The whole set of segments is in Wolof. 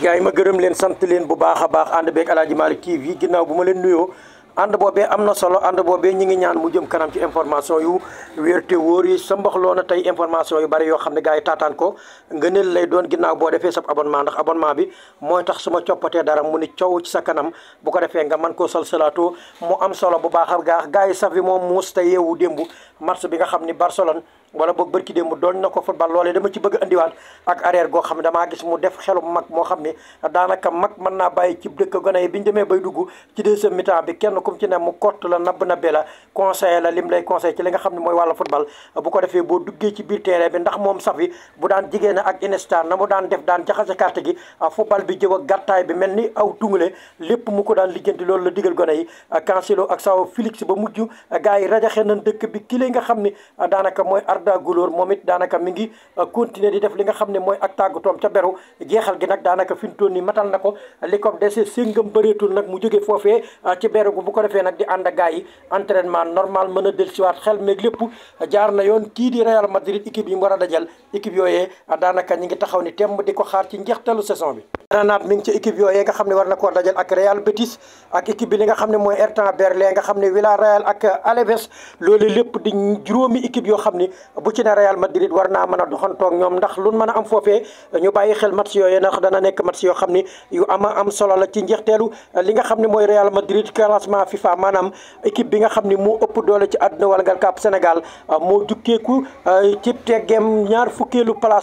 gars yi ma gërëm leen sant leen bu baax a baax ànd beeg Aladji kii TV ginnaaw bu ma leen nuyoo ànd boobee am na solo ànd boobee ñi ngi ñaan mu jëm kanam ci information yu wér te wóor yi sa mbax loo na tey information yu bari yoo xam ne gars yi taataan ko nga neel lay doon ginnaaw boo defee sab abonnement ndax abonnement bi mooy tax suma ma coppatee dara mu ne coow ci sa kanam bu ko defee nga man koo sol salaatoo mu am solo bu baax a gaax gaa yi saf bi moom muus te yeewu démb match bi nga xam ni Barcelone wala boog bërki dée mu doon na ko football loolee dama ci bëgg andiwaat ak arrière goo xam ne damaa gis mu def xelum mag moo xam ne daanaka mag mën naa bàyyi ci dëkk gone yi bi ñu demee bay dugg ci deuxième mi bi kenn kum ci ne mu kott la nabb nabbe la conseil la lim lay conseil ci li nga xam ne mooy wàllu football bu ko defee boo duggee ci biir terrain bi ndax moom safi bu daan jigéen ak Iniesta na mu daan def daan jaxase carte gi ah, bi jëw ak gàttaay bi mel ni ko daan lijjanti loolu la digal gone yi Cancelo ak Sao Félix ba ki li nga xam ne ah, daanaka mooy Arda Guloor moom it daanaka mi ngi euh, continuer di def li nga xam ne mooy ak tàggatoom ca beru jeexal gi nag daanaka fi mu toll nii matal na ko li ko dese séngam bëreetul nag mu jóge foofee euh, ci beru bu ko defee nag di ànd ak entrainement normal mën a dellusiwaat xel meeg lépp jaar na yoon kii di Real Madrid équipe yi mu war a dajal équipe yooyee euh, daanaka ñi ngi taxaw ni temb di ko xaar ci njeextalu saison bi naat mi ngi ci équipe yooyu nga xam ne war na ak Real Betis ak équipe bi nga xam ne mooy Hertha Berlin nga xam ne Villarreal ak Alaves loolu lépp di juróomi équipe yoo xam ni bu ci ne Real Madrid war naa mën a doxantoog ñoom ndax lu mën a am foofee ñu bàyyi xel match yooyu ndax dana nekk match yoo xam ni yu ama am solo ci njeexteelu li nga xam ne mooy Real Madrid classement FIFA maanaam équipe bi nga xam ni moo ëpp doole ci àdduna wala ah,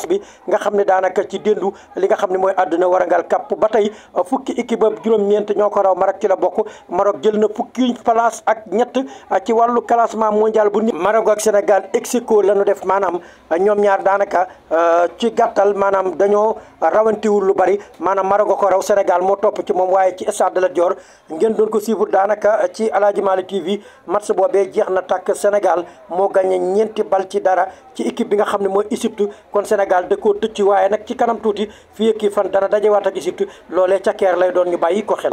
ah, bi nga xam ne Sénégal kàpp ba tey uh, fukki équipe juróom-ñeent ñoo ko raw ci la bokk Maroc jël na fukki place ak ñett uh, ci wàllu classement mondial bu ni Maroc ak Sénégal ex aequo la ñu def maanaam uh, ñoom ñaar daanaka ci gàttal maanaam dañoo rawantiwul lu bari maanaam Maroc ko raw Sénégal moo topp ci moom waaye ci stade la joor ngeen doon ko suivre daanaka ci Aladji Malick TV match boobee jeex na tàkk Sénégal moo gagné ñeenti bal ci dara ci équipe bi nga xam ne mooy Égypte kon Sénégal da koo tëcc waaye nag ci kanam tuuti fi ak fan dana dajewaat ak Égypte loolee ca Caire lay doon ñu bàyyi ko xel.